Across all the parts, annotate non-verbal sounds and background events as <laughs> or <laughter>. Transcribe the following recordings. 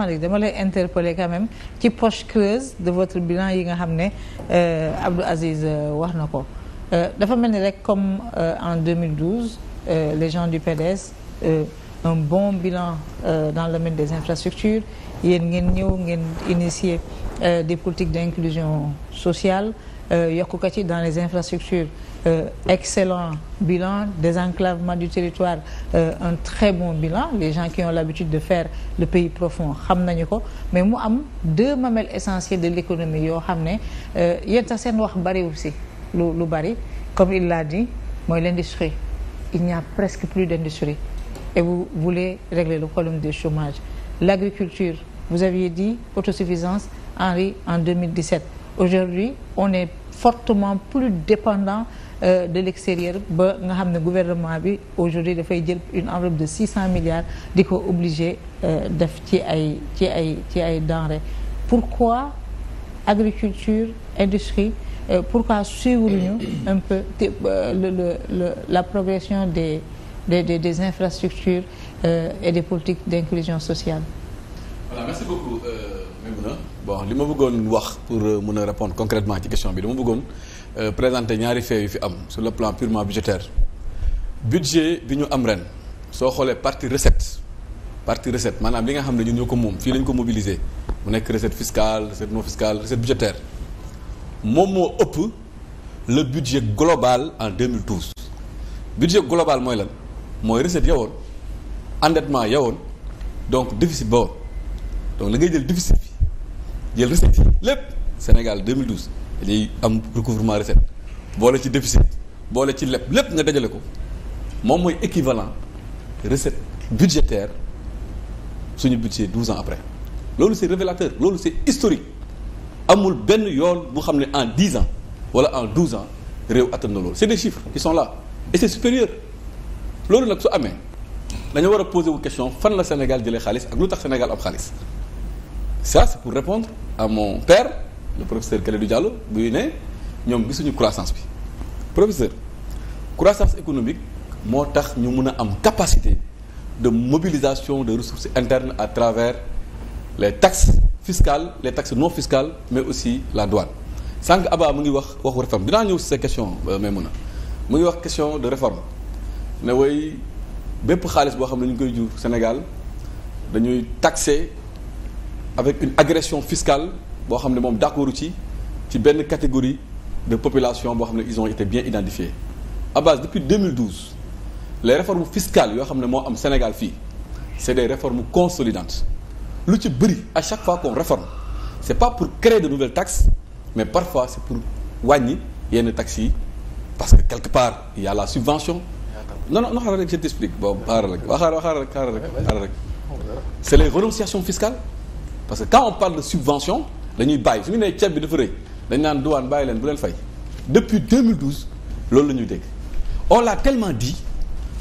Malick dama lay interpeller quand même ci poche creuse de votre bilan yi nga xam ne euh, Abdou Aziz euh, wax na ko euh, dafa mel ni rek comme en 2012 les gens du PDS un bon bilan dans le domaine des infrastructures yéen ngeen ñëw ngeen initier des politiques d'inclusion sociale yokk ko ci dans les infrastructures euh, excellent bilan, désenclavement du territoire, euh, un très bon bilan. Les gens qui ont l'habitude de faire le pays profond, mais nous avons deux mamelles essentielles de l'économie. Il y a un aussi, comme il l'a dit, l'industrie. Il n'y a presque plus d'industrie. Et vous voulez régler le problème du chômage. L'agriculture, vous aviez dit autosuffisance, Henri, en 2017. Aujourd'hui, on est fortement plus dépendant Euh, de l'extérieur ba nga xam ne gouvernement bi aujourd'hui dafay jël une enveloppe de six cent milliards di ko obligé euh, def ci ay ci ay ci ay denrées pourquoi agriculture industrie euh, pourquoi suivre ñu un peu le le le la progression des des des, des infrastructures et des politiques d'inclusion sociale. voilà merci beaucoup Maimouna li ma bëggoon wax pour mën a répondre concrètement ci question bi dama bëggoon. Euh, présenté ñaari faits yu fi am sur le plan purement budgétaire budget bi ñu am ren soo xoolee partie recette partie recette maanaam li nga xam ne ñu ñoo ko moom fii lañ ko mobiliser mu nekk recette fiscale recette non fiscale recette budgétaire moom moo ëpp le budget global en 2012 budget global mooy lan mooy recette yowoon endettement yowoon donc déficit ba woon donc la ngay jël déficit bi jël recette yi lépp Sénégal day am recouvrement recette boole ci déficit boole ci lépp lépp nga dajale ko moom mooy équivalent recette budgétaire suñu budget 12 ans après loolu c'est révélateur loolu c'est historique amul benn yoon bu xam ne en 10 ans wala en 12 ans réew attan na loolu c'est de chiffres qui sont là et c'est supérieur loolu nag su amee dañoo war a poser wu question fan la Sénégal jëlee xaalis ak lu tax Sénégal am xaalis ça c'est pour répondre à mon père le professeur Kalidou Diallo buy ne ñoom gisuñu croissance bi professeur croissance économique moo tax ñu mun a am capacité de mobilisation de ressources internes à travers les taxes fiscales les taxes non fiscales mais aussi la douane sànq Abba mu ngi wax waxu réforme dinaa ñëw si sa question euh, mais mun a mu ngi wax question de réforme ne way bépp xaalis boo xam ne ñu koy jur Sénégal dañuy taxer avec une agression fiscale boo xam ne moom d'accordu ci ci benn catégorie de population boo xam ne ils ont été bien identifiés à base depuis 2012 les réformes fiscales yoo xam ne moo am Sénégal fii c'est des réformes consolidantes lu ci bëri à chaque fois qu'on réforme c'est pas pour créer de nouvelles taxes mais parfois c'est pour wàññi yenn taxes yi parce que quelque part il la subvention non non non xaaral rek je t'explique bon xaaral rek waxaar waxaar xaaral rek xaaral rek c'est les renonciations que quand on subvention dañuy bàyyi su ñu nee ceeb bi dafa rëy dañ naan douane bàyyi leen bu leen fay depuis 2012 loolu la ñuy dégg on l'a tellement dit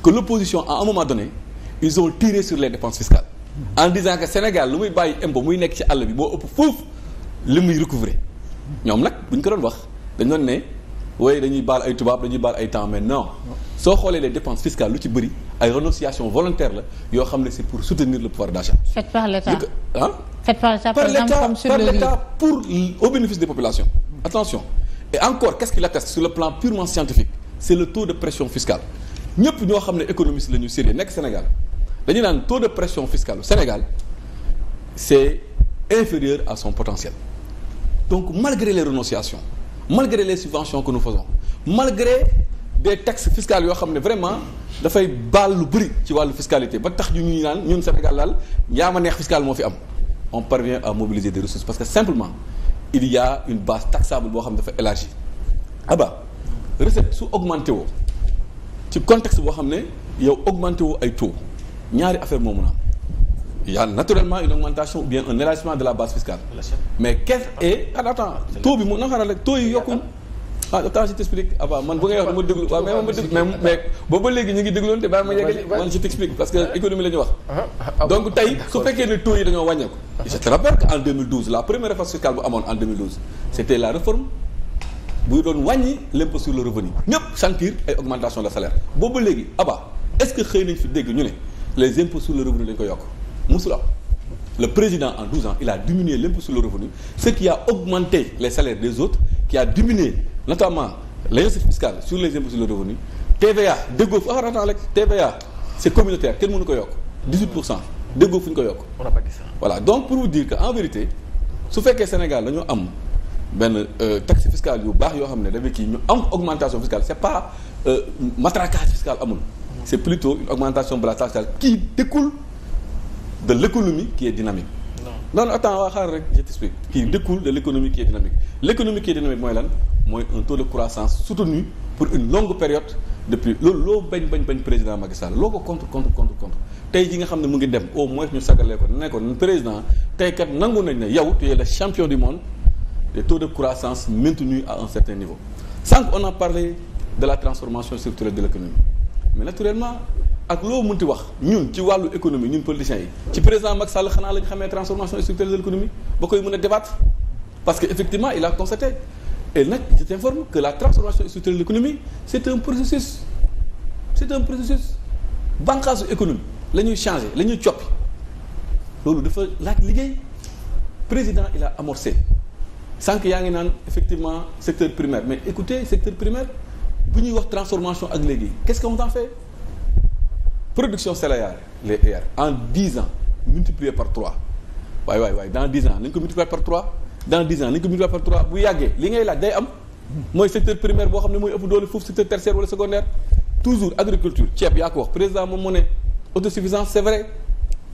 que l'opposition à un moment donné ils ont tiré sur les dépenses fiscales en disant que Sénégal lu muy bàyyi embo muy nekk ci àll bi boo ëpp foofu li muy recouvrer ñoom nag bu ñu ko doon wax dañ doon ne oui dañuy baal ay tubaab dañuy baal ay temps mais non soo xoolee les dépenses fiscales lu ci bëri ay renonciation volontaire la yoo xam ne c'est pour soutenir le pouvoir d'achat. faites par l'État ah. faites par l'État par exemple comme sur le riz par l'État pour au bénéfice des populations. attention et encore qu'est-ce qu'il atteste sur le plan purement scientifique c'est le taux de pression fiscale ñëpp ñoo xam ne économie la ñu sérieux nekk Sénégal dañu naan taux de pression fiscale au Sénégal c'est inférieur à son potentiel donc malgré les renonciations. malgré les subventions que nous faisons malgré des taxes fiscales yoo xam ne vraiment dafay baal lu bëri ci wàllu fiscalité ba tax ñu ñuy naan ñun Sénégal daal yaa ma neex fiscal moo fi am on parvient à mobiliser des ressources parce que simplement il y a une base taxable boo xam ne dafa élargie aba ah recette su augmenté woo ci contexte boo xam ne yow augmenté woo ay taux ñaari affaire moo naa a il y a naturellement une augmentation ou bien un élargissement de la base fiscale. mais quest ah. et ah, attends taux bi mu na xanaa yokkuñ ah attends je t'explique avant ah, man bu ngay wax dama déglu waaw mais ma mais mais boobu léegi ñu ngi dégloon te bàyyi ma yeggale man je t'explique parce que économie la wax donc tey su fekkee ne taux yi dañoo wàññeeku je te rappelle que en la première réforme bu amoon en c'était la réforme buy doon wàññi l'impôt sur le revenu ñëpp ay augmentation que xëy nañ fi dégg ñu ne les impôts sur le revenu dañ musul am le président en 12 ans il a diminué l'impôt sur le revenu ce qui a augmenté les salaires des autres qui a diminué notamment l'injustice fiscale sur les impôts sur le revenu TVA déggoo fu aarataan ah, TVA c'est communautaire kenn mënu ko yokk 18 pour cent déggoo fu ñu ko yokk voilà donc pour vous dire que en vérité su fekkee Sénégal dañoo am benn euh, taxe fiscale yu baax yoo xam ne dafay kii ñu am augmentation fiscale c'est pas euh, matraquage fiscal amul c'est plutôt une la taxe fiscale qui découle de l'économie qui est dynamique. non non attends waa xaar rek je t'explique qui découle de l'économie qui est dynamique l'économie qui est dynamique mooy lan mooy un taux de croissance soutenu pour une longue période depuis loolu loo bañ bañ bañ président Macky Sall loo ko contre contre contre tey ji nga xam ne mu ngi dem au moins ñu sagalee ko ne ko président tey kat nangu nañ ne yow tu es le champion du monde des taux de croissance maintenus à un certain niveau sànq on a parlé de ak loo mënti wax ñun ci wàllu économie ñun politiciens yi ci président Macky Sall xanaa la ñu xamee transformation structurelle de l'économie ba koy mën a débattre parce que effectivement il a constaté et nag je t'informe que la transformation structurelle de l'économie c'est un processus c'est un processus bànqaasu économie la ñuy changer la ñuy coppi loolu dafa laaj liggéey président il a amorcé sànq yaa ngi naan effectivement secteur primaire mais écoutez secteur primaire ñuy wax transformation ak léegi qu'est-ce production céréalière les en dix ans multiplié par trois waay waay waay dans dix ans nañ ko multiplier par trois bu yàggee li ngay laaj day am mooy secteur primaire boo xam ne mooy ëpp doole foofu secteur tertiaire wala secondaire toujours agriculture ceeb yaa ko wax président moom moo ne autosuffisance c'est vrai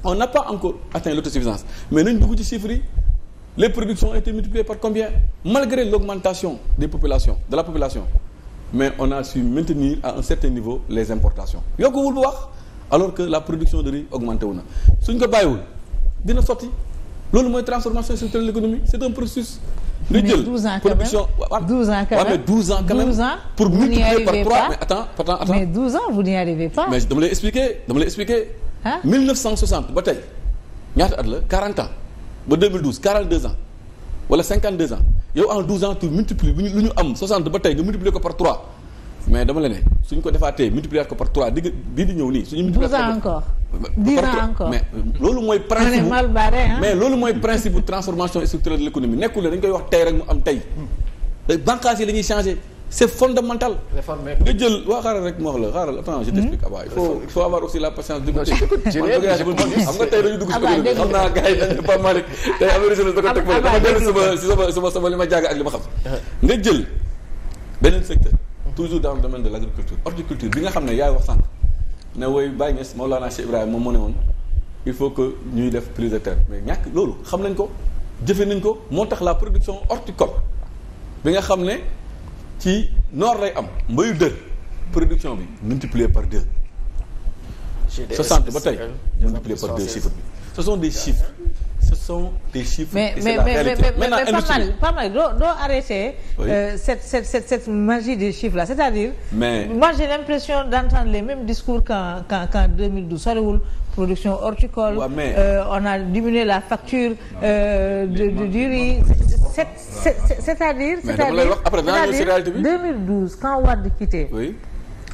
on n'a pas encore atteint l'autosuffisance mais nañ dugg ci chiffres yi les productions ont été multipliées par combien malgré l'augmentation la population mais on les importations alors que la production de riz augmenté wu na suñ ko bàyyiwul dina sotti loolu mooy transformation structurelle de l'économie c'est un processus. nga jël production mais 12 ans quand pour multiplier par 3 mais dama lay expliquer dama lay expliquer. ba tey ñaata at la 40 ans ba 2012 42 ans wala 52 ans yow en 12 ans tu multiplies lu ñu am 60 ba tey nga multiplier ko par 3. mais dama la ne suñ ko defaatee multiplier ko par 3 digg bii di ñëw nii suñu. multiplier ko encore. dix euh, mais loolu mooy. principe mais loolu mooy principe transformation structurelle de l' nekkul ne dañ koy wax tey rek mu am tey. Hmm. bànqaas yi la ñuy changé c' est fondamental. réformer nga jël waa xaaral rek moo wax la xaaral attends je t' explique. Hmm? il faut il faut avoir aussi la patience. d' si économie ne Pape Malick tey am na da ko teg ma dama ma li ma xam. Uh-huh. toujours dans le domaine de l' agriculture horticulture bi nga xam ne yaay wax sànq ne woy Baye Niass Maolana Cheikh Ibrahima moom moo ne woon il faut que ñuy def prise de terre mais ñàkk loolu xam nañ ko jëfe nañ ko moo tax la production horticole bi nga xam ne ci nord lay am mbayu dër production bi multiplier par deux. 60 ba tey multiplié par deux chiffre bi ce des chiffres. sont des chiffres mais, et mais, la mais, mal pas mal doo doo arrêter oui. euh, cette des chiffres là c'est-à-dire. mais moi j'ai l'impression d'entendre les mêmes discours qu'en qu'en qu'en 2012 soriwul production horticole. Ouais, mais... euh, on a diminué la facture. Euh, de de du riz. c'est c'est c'est-à-dire. c'est-à-dire c'est-à-dire 2012 quand Wade quitté. oui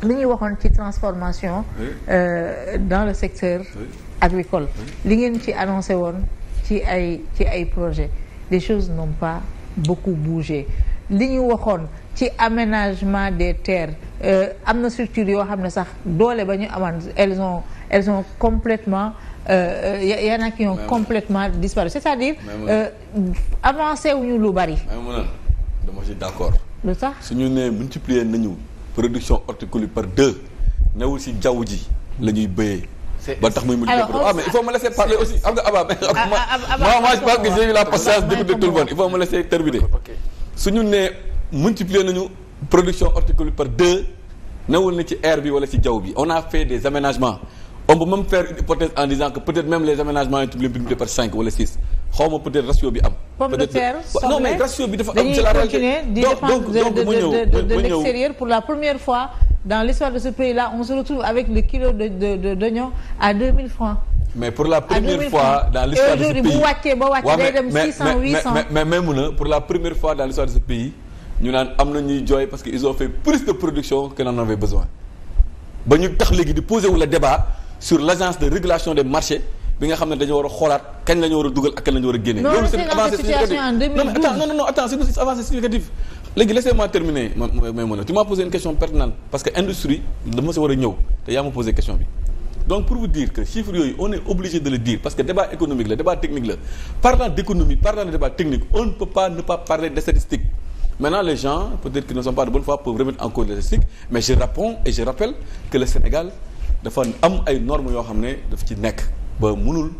li ñuy waxoon ci transformation. Euh, dans le secteur. agricole li ngeen ci annoncé woon. ci ay ci ay projet les choses n'ont pas beaucoup bougé li ñu waxoon ci aménagement des terres euh, am na structures yoo xam ne sax doole ba ñu amoon elles ont elles ont complètement Euh, euh y en complètement même disparu c'est-à-dire euh, avancé wuñu lu bari. même mu dama ci d'accord. lu tax su ñu nee multiplier nañu production horticole par deux newul ci jaww ji la béyee. ba tax muy multiplier ah mais il faut me laisser parler aussi xam nga Abba ah, moi je pense que j'ai eu la patience d'écouter tout le monde il faut me laisser terminer su ñu nee multiplier nañu production horticole par deux newul na ci air bi wala ci jaww bi on a fait des aménagements on peut même faire une hypothèse en disant que peut-être même les aménagements ont été multipliés par cinq wala six xaw ma peut-être ratio bi am. pomme de terre non mais ratio bi dafa am. c'est la réalité donc donc donc ma la première dans l'histoire de ce pays-là on se retrouve avec le kilo de de de d'oignon à 2000 francs. mais pour la première fois dans l'histoire de ce pays bu wàccee ba wàccee day dem 600 800 mais mais mais mais pour la première fois dans l'histoire de ce pays ñu naan am na ñuy jooy parce que ils ont fait plus de production que n'en avait besoin ba ñu tax léegi di poser wu le débat sur l'agence de régulation des marchés bi nga xam ne dañoo war a xoolaat kañ la ñu war a dugal ak kañ la ñu war a génne. loolu c'est une avancée significative non non non attends c'est une avancée significative léegi laissez-moi terminer may mën a tu m'as posé une question pertinente parce que industrie dama si war a ñëw te yaa ma posé question bi donc pour vous dire que yooyu on est obligé de le dire parce que débat économique la débat technique la parlant d'économie parlant de débat technique on ne peut pas ne pas parler de statistiques maintenant les gens peut-être qu'ils ne sont pas de bonne foi pour am ay normes yoo xam ne daf ci nekk ba mënul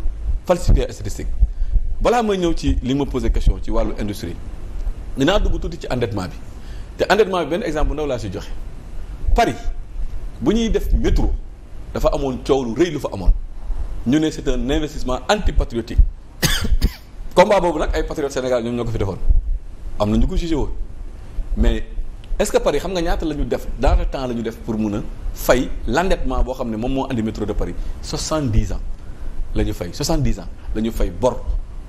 falsifier statistique balaa may ñëw ci li ma posé question ci wàllu industrie dinaa dugg tuuti ci endettement bi te endettement bi benn exemple bu ndaw laa si joxe Paris bu ñuy def métro dafa amoon coow lu rëy lu fa amoon ñu ne c'est un investissement antipatriotique <coughs> combat boobu nag ay patriotes Sénégal ñoom ñoo ko fi defoon am na ñu ko jugé woon mais est-ce que Paris xam nga ñaata la ñu def dans le temps la ñu def pour mun a fay l'endettement boo xam ne moom moo andi métro de Paris soixante-dix ans la ñu fay soixante-dix ans la ñu fay bor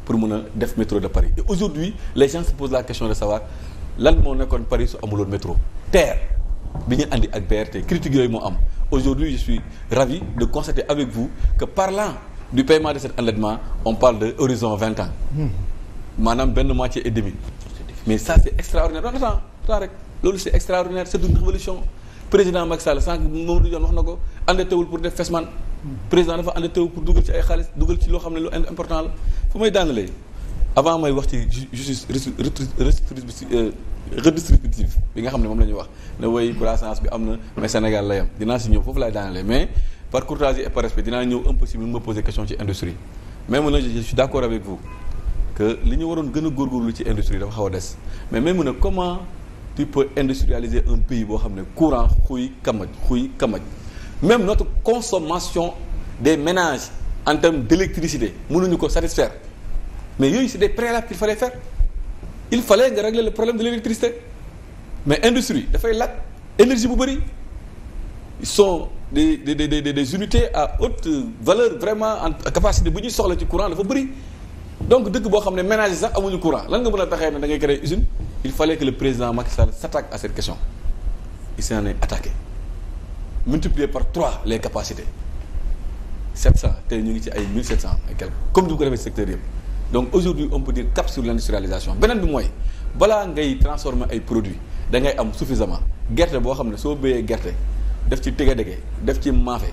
pour mun a def métro de Paris et aujourd'hui les gens se posent la question de savoir lan moo nekkoon Paris su amuloon métro terre bi ñu andi ak BRT critique yooyu moo am aujourd'hui je suis ravi de constater avec vous que parlant du paiement de cet endettement on parle de horizon vingt ans hmm. maanaam benn moitié et demi mais ça c'est extraordinaire non attends attends rek loolu c'est extraordinaire c'est une révolution président Macky Sall sànq Mamadou Dione wax na ko andettewul pour def président dafa ànd teew pour dugal ci ay xaalis dugal ci loo xam ne lu important la fu may daanalee avant may wax ci justice euh, redistributive bi nga xam ne moom la ñuy wax ne way croissance bi am na mais Sénégal la yam dinaa si ñëw foofu laay daanalee mais par courtoisie et par respect dinaa ñëw un peu si mu ma poser question ci industrie même nag je suis d' accord avec vous que li ñu waroon gën a góorgóorlu ci industrie dafa xaw a des mais même nag comment tu peux industrialiser un pays boo xam ne courant xuy kamaj xuy kamaj même notre consommation des ménages en termes d'électricité mënuñu ko satisfaire mais yooyu c'est des préalables qu'il fallait faire il fallait nga régler le problème de l'électricité mais industrie dafay laaj énergie bu bëri ils sont des des des des des unités à haute valeur vraiment en capacité bu ñuy soxla ci courant dafa bëri donc dëkk boo xam ne ménage yi sax amuñu courant lan nga mën a taxee na da ngay créer usine il fallait que le président Macky Sall s'attaque à cette question il s'en multiplier par trois les capacité sept cent te ñu ngi ci ay mille sept cent et quelque comme du ko defee secteur yëpp donc aujourd'hui on peut dire cap sur l'industrialisation beneen bi mooy balaa ngay transformer ay produits da ngay am suffisamment gerte boo xam ne soo béyee gerte def ci tege-dege def ci maafe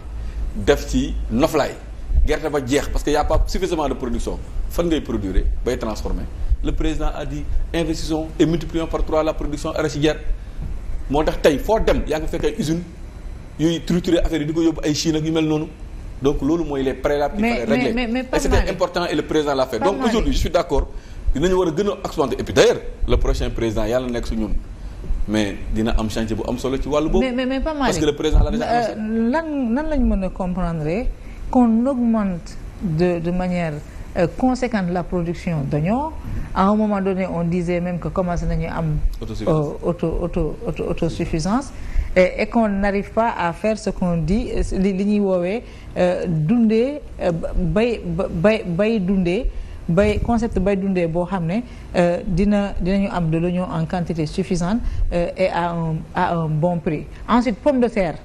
def ci noflaay gerte ba jeex parce que y a pas suffisamment de production fan ngay produire bay transformer le président a dit investissons et par trois la production arachidière moo tax tey foo dem yaa ngi fekk usine yooyu triturer affaire yi di ko yóbbu ay Chine ak yu mel noonu donc loolu mooy les préalables qu'il fallait régler mais mais mais c'était important et le président l'a fait donc aujourd'hui je suis d'accord dinañu war a gën a accentuer et puis le prochain président yàlla nekk su ñun mais dina am chantier bu am solo ci wàllu boobu. mais mais pas mal parce euh, lan nan lañ mën a comprendre qu'on augmente de de manière euh, conséquente la production dañoo à un moment donné on disait même que commencé nañu am. autosuffisance euh, auto auto auto suffisance et qu'on n'arrive pas à faire ce qu'on dit li ñuy woowee euh, dundee euh, bay bay bay dundee bay concept bay dundee boo xam ne euh, dina dinañu am de l'oignon en quantité suffisante et à un à un bon prix ensuite pomme de terre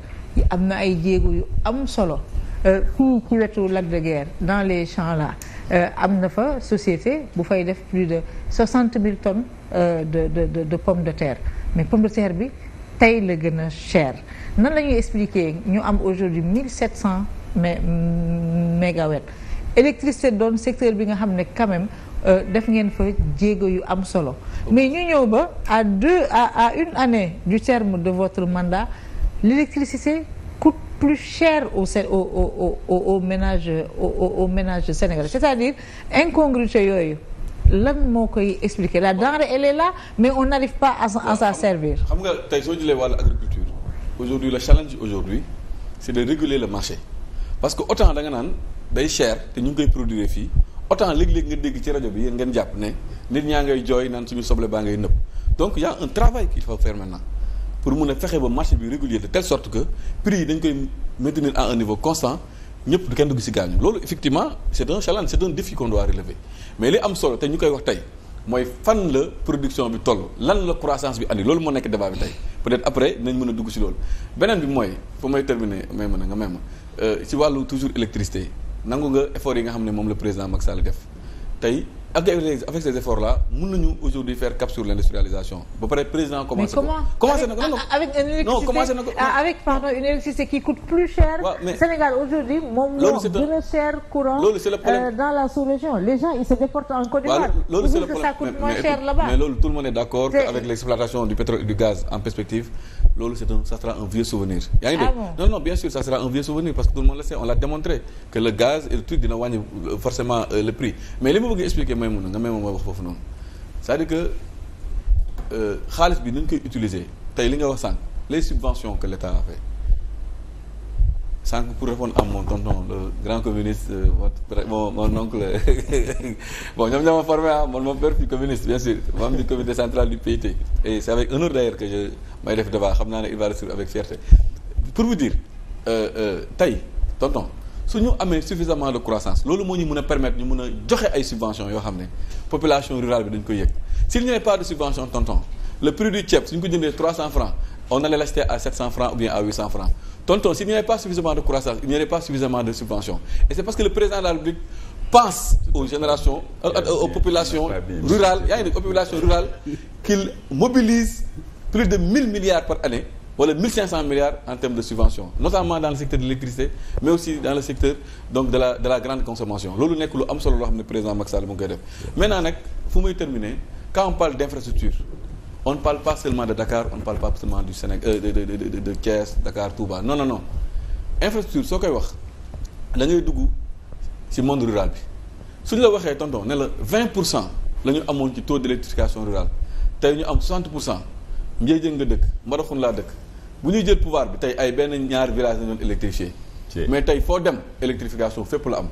am na ay jéego yu am solo fii ci wetu lac de Guiers dans les champs là am na fa société bu fay def plus de soixante mille tonnes de de de pommes de terre mais pomme de terre bi tey la gën a cher nan la ñuy expliquer ñu am aujourd'hui mille sept cent mais mégawatts électricité doon secteur bi nga xam ne quand même euh, def ngeen fa jéego yu am solo mais ñu ñëw ba à deux à à une année du terme de votre mandat l'électricité coûte plus cher au au au au ménage au au ménage sénégalais c'est-à-dire yooyu lan moo koy expliquer la denrée elle est là mais on n'arrive pas à à s'en servir. xam nga tey soo jëlee wàllu agriculture aujourd'hui le challenge aujourd'hui c'est de réguler le marché parce que autant da nga naan day cher te ñu ngi koy produire fii autant léeg-léeg nga dégg ci rajo bi yéen ngeen jàpp ne nit ñaa ngay jooy naan suñu soble baa ngay nëb donc y a un travail qu'il faut faire maintenant pour mun a fexe ba marché bi régulier de telle sorte que prix yi dañ koy maintenir à un niveau constant. ñëpp du kenn dugg ci gaañu loolu effectivement c'est un challenge c'est un défi qu'on doit relever mais li am solo te ñu koy wax tey mooy fan la production bi toll lan la croissance bi andi loolu moo nekk débat bi tey peut-être après nañ mën a dugg ci loolu beneen bi mooy fa may terminer may mën nga may ma ci euh, wàllu toujours électricité nangu nga effort yi nga xam ne moom la président Macky Sall def tey avec ces efforts là mën nañu aujourd'hui faire cap sur l'industrialisation ba pare président commencé. mais non commencé avec une électricité qui coûte plus cher. Sénégal aujourd'hui moom moo gën a cher courant. loolu c'est le problème euh, dans la sous-région les gens ils se déportent en Côte d'Ivoire. loolu c'est le problème mais mais loolu tout le monde est d'accord avec l'exploitation du pétrole et du gaz en perspective. loolu c'est un ça sera un vieux souvenir yaa ngi dégg ah non non bien sûr ça sera un vieux souvenir parce que tout le monde le sait on l'a démontré que le gaz et le truc dina wàññi euh, forcément euh, le prix mais li ma bëgg expliquer may mun nga may moom mooy wax foofu noonu cest dire que euh, xaalis bi nañ koy utiliser tey li nga wax sànq les subvention que l'État a fait sànq pour répondre à mon tonton le grand communiste euh, mon mon oncle <laughs> bon ñoom ñoo ma formé ah mon mon père fut communiste bien sûr membre du comité central du PIT et c'est avec honneur d'ailleurs que je may def débat xam naa ne il va rester avec fierté pour vous dire euh, euh, tey tonton su ñu amee de croissance moo ñu mën a permettre ñu mën a joxe ay subventions yoo xam ne population rurale bi dañ koy yëg s'il n'y avait pas de subvention tonton le prix du ceeb su ñu ko jëndee 300 francs on allait l'acheter à 700 francs ou bien à 800 francs tonton s'il n'y avait pas suffisamment de croissance il n'y avait pas suffisamment de subventions et c'est parce que le président la République pense aux générations aux, aux populations rurales yaa ngi dégg population rurale qu'il mobilise plus de milliards par année wala milliards en termes de subvention notamment dans le secteur de l'électricité mais aussi dans le secteur donc de la grande consommation am solo loo xam ne président Macky Sall mu ngi on ne parle pas seulement de Dakar on ne parle pas du Sénégal euh, de de de de Thiès Dakar Touba non non non infrastructure soo koy wax da dugg ci monde rural bi su ñu la waxee tonton ne la 20 pour cent la ñu amoon ci taux d' électrification rurale tey ñu am 60 pour cent Ndiédiène nga dëkk Mbadakhoune laa dëkk bu ñuy jël pouvoir bi tey ay benn ñaar village la ñu mais tey foo dem électrification fépp la am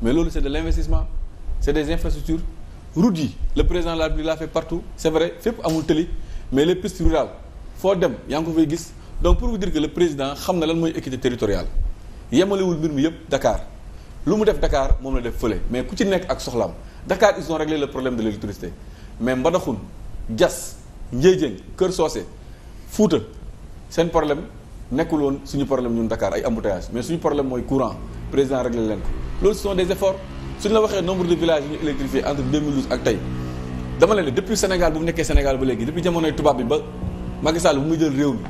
mais loolu c' l' investissement c' est des route yi le président de la République l'a fait partout c'est vrai fépp amul tëli mais les pistes rurales foo dem yaa ngi ko fay gis donc pour vous la président xam na lan mooy équité territoriale yemalewul mbir mi yëpp Dakar lu mu def Dakar moom la def fële mais ku ci nekk ak soxlaam Dakar ils ont réglé le problème de l'électricité mais mbadaxul jas Ndiédiène Kër Socé Fouta seen problème nekkul woon suñu problème ñun Dakar ay embouteillage mais suñu problème mooy courant président réglé leen ko loolu ce sont des efforts suñ la waxee nombre de villages yu ñu électrifié entre 2012 ak tey dama leen ne depuis Sénégal bu mu nekkee Sénégal ba léegi depuis jamonoy tubaab bi ba Macky Sall bu mu jël réew mi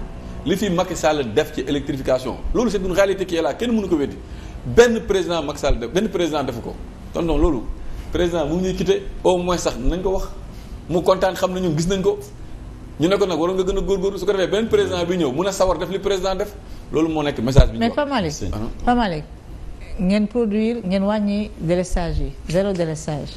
li fi Macky Sall def ci électrification loolu c'est une réalité qui est là kenn mënu ko weddi benn président Macky Sall def benn président defu ko tonton loolu président mu ñuy quitté au moins sax nañ ko wax mu kontaan xam ne ñun gis nañ ko ñu ne ko nag waroon nga gën a góorgóorlu su ko defee benn président bi ñëw mun nekk message bi. mais Pape Malick ngeen produir ngeen wàññi délestage yi zéro délestage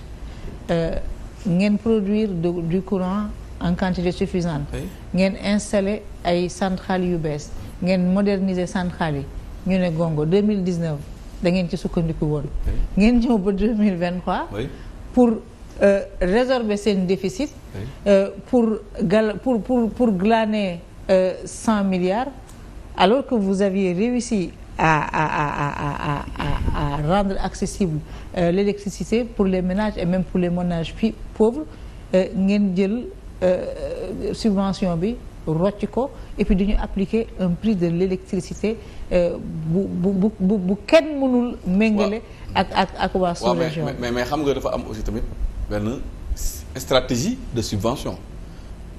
euh, ngeen produire du courant en quantité suffisante ngeen installer ay centrales yu bees ngeen moderniser centrales yi ñu ne gongo 2019 da ngeen ci sukkandiku woon ngeen ñëw ba 2023 pour euh, résorber seen déficit euh, pour gal pour pour pour glaner euh, cent euh, milliards alors que vous aviez réussi a à, à, à, rendre accessible euh, l'électricité pour les ménages et même pour les ménages pauvres euh, ngeen jël euh, euh, subvention bi rocc ko et puis dañu appliquer un prix de l'électricité bu bu bu bu kenn mënul méngale ak ak ak waa sous-région mais mais xam nga dafa am aussi tamit benn stratégie de subvention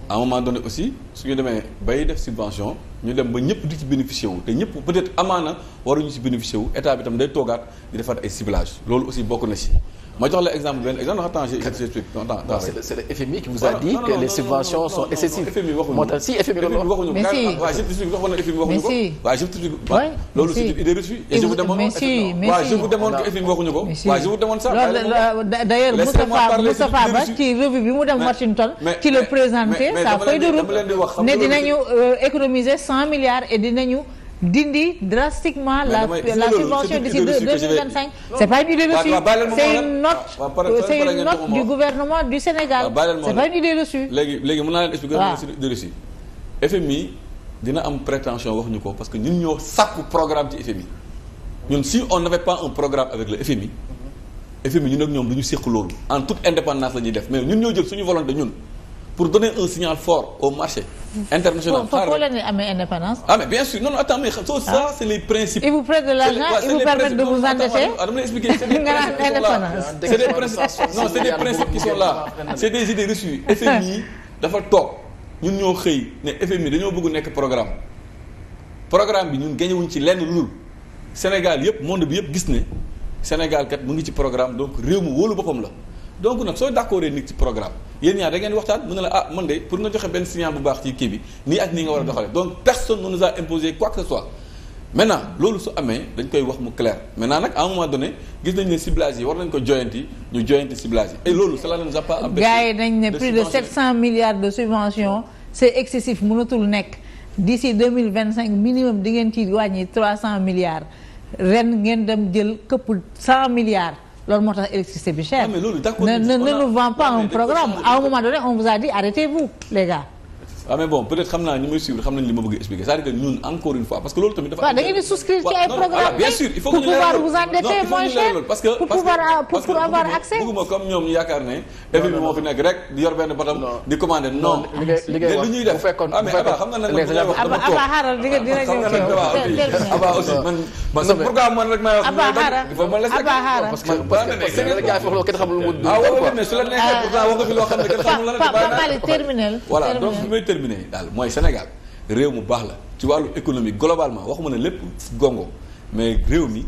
à un moment donné aussi su ñu demee bay def subvention ñu dem ba ñëpp di ci bénéficier wu te ñëpp peut-être amaana waruñu ci bénéficier wu état bi tam day toogaat di defaat ay ciblage loolu aussi bokk na si ma jox la exemple benn exemple attends j'explique non attends c'est le FMI vous a dit que les subventions sont excessives FMI waxuñu moo tax si FMI waxuñu waaw je t'explique wax na ko waaw je t'explique loolu c'est une idée reçue et je vous demande waaw je vous demande que ko waaw je vous demande ça d'ailleurs Moustapha Moustapha Ba ci revue bi mu dem Washington ci le présenter sa feuille de route ne dinañu euh, économiser cent milliards et dinañu dindi drastiquement la la subvention d'ici deux mille vingt cinq c'est pas une idée reçue c'est une note c'est une note du gouvernement du Sénégal c'est pas une idée reçue léegi léegi mën naa leen expliquer de reçu FMI dina am prétention wax ñu ko parce que ñun ñoo sàkku programme ci FMI ñun si on n'avait pas un programme avec le FMI FMI ñun ak ñoom du ñu séq loolu en toute indépendance la ñuy def mais ñun ñoo jël suñu volonté ñun pour donner un signal fort au marché international. Pour, pourquoi l'année amee ah, indépendance. ah bien sûr non non attends mais ça ah. c'est les principes. ils vous prêtent de l'argent dama lay expliquer <laughs> c'est des principes non c'est c'est des idées reçues FMI dafa toog ñun ñoo xëy ne FMI dañoo bëgg nekk programme programme bi ñun gañewuñ ci lenn lul Sénégal yëpp monde bi yëpp gis ne Sénégal kat mu ngi ci programme donc réew mu wóolu boppam la. donc nag soo d'accord nit ci programme yéen ñaar da ngeen waxtaan mën na la ah man de pour nga joxe benn signal bu baax ci kii bi nii ak nii nga war a doxale donc personne ne nous a imposé quoi que soit maintenant loolu su amee dañ koy wax mu clair maintenant nag à un moment donné gis nañ ne ciblage yi war nañ ko joyanti ñu joyanti ciblage yi et loolu cela ne nous a pas empêché gars yi dañ ne plus de 700 milliards de subventions c'est excessif mënatul nekk di ngeen ci wàññi 300 milliards ren ngeen dem jël këpp 100 milliards loolu moo tax électricité bi cher. ne ne nous vend pas un programme à un moment donné on vous a dit arrêtez-vous les waaw ah, bon peut xam naa ñi may suivre xam nañ li ma bëgg a expliquer cest à ñun encore une fois parce que loolu tamit dafa. waaw da ngeen ci ay ah, programmes bien sûr il faut que ñu leeral loolu parce que pour pouvoir euh, pour pour avoir accès. bëgguma comme ñoom ñu yaakaar ne. fi nekk rek di yor benn batam di commander wax bu fekkoon ah, bu fekkoon léegi nag Abba Abba xaaral di nga dina ñëw ci yow. Abba aussi man. parce que programme wax. Abba xaaral Abba xaaral. parce kenn xamul lu mu dund. wax nga fi loo xam ne kenn xamul la. voilà donc terminer daal mooy Sénégal réew mu baax la ci wàllu économie globalement waxuma ne lépp gongo mais réew mi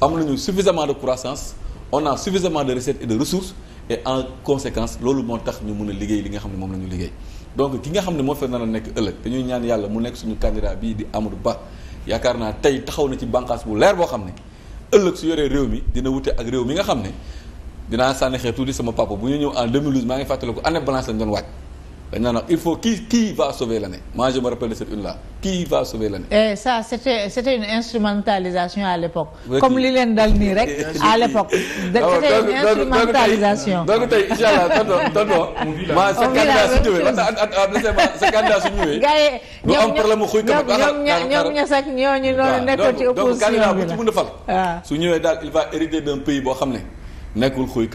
am nañu suffisamment de croissance on a suffisamment de recettes et de ressources et en conséquence loolu moo tax ñu mën a liggéey li nga xam ne moom la ñu liggéey donc ki nga xam ne moo fa nar a nekk ëllëg dañuy ñaan yàlla mu nekk suñu candidat bii di Amadou Ba yaakaar naa tey taxaw na ci bànqaas bu leer boo xam ne ëllëg su yoree réew mi dina wute ak réew mi nga xam ne dinaa sànni xeetu di sama non non il faut qui qui va sauver la moi je me rappelle de cette une là qui va sauver l'année et ça c'était c'était une instrumentalisation à l'époque comme li leen dal nii rek à l'époque c'était une instrumentalisation donc tey inchallah tonton tonton ma sa candidat su ñëwee laissez-moi sa candidat su ñëwee gars yi ñoom ñoom ña sax ñooñu noonu nekkoon ci opposition bi la a fal su ñëwee daal il va hériter d'un pays boo xam ne nekkul xuy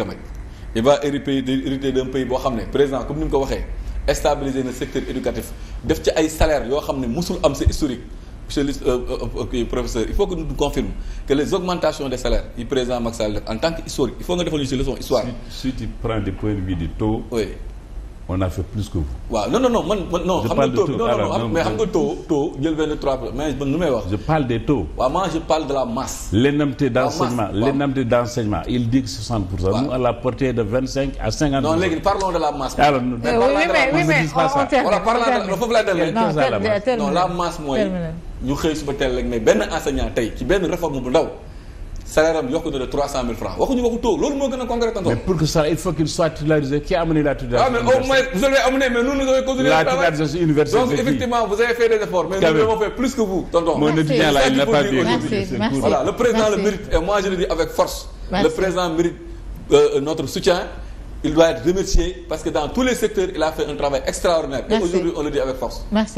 boo xam ne président comme ni mu ko waxee stabiliser na secteur éducatif def ci ay salaires yoo xam ne musul am c'est historique monsieur le euh, euh, euh, professeur il faut que nous confirme que les augmentations des salaires yi président Macky Sall en tant que historique il faut nga defal ñu ci leçon histoire si, si tu prends du point de vue on a fait plus que vous. waaw non non non man non. xam nga taux non non mais xam nga taux mais man nu may wax. je parle des taux. waaw moi je parle de la masse. l'énormité d'enseignement l'énormité d'enseignement il dit que pour cent. nous à la portée de 25 à 50. non léegi parlons de la masse. alors non la masse mooy. ñu xëy suba teel rek mais benn enseignant tey ci benn réforme bu ndaw. salaire am yokku na de 300 francs waxuñu waxu loolu moo gën a concret tonton. mais pour que ça il faut qu'il soit titularisé qui a la titularisation. ah mais au moins donc effectivement vous avez fait des efforts. mais nous avons fait plus que vous. tonton mon étudiant là président le mérite et moi je le dis avec force. le président mérite euh, notre soutien. il doit être remercié parce que dans tous les secteurs il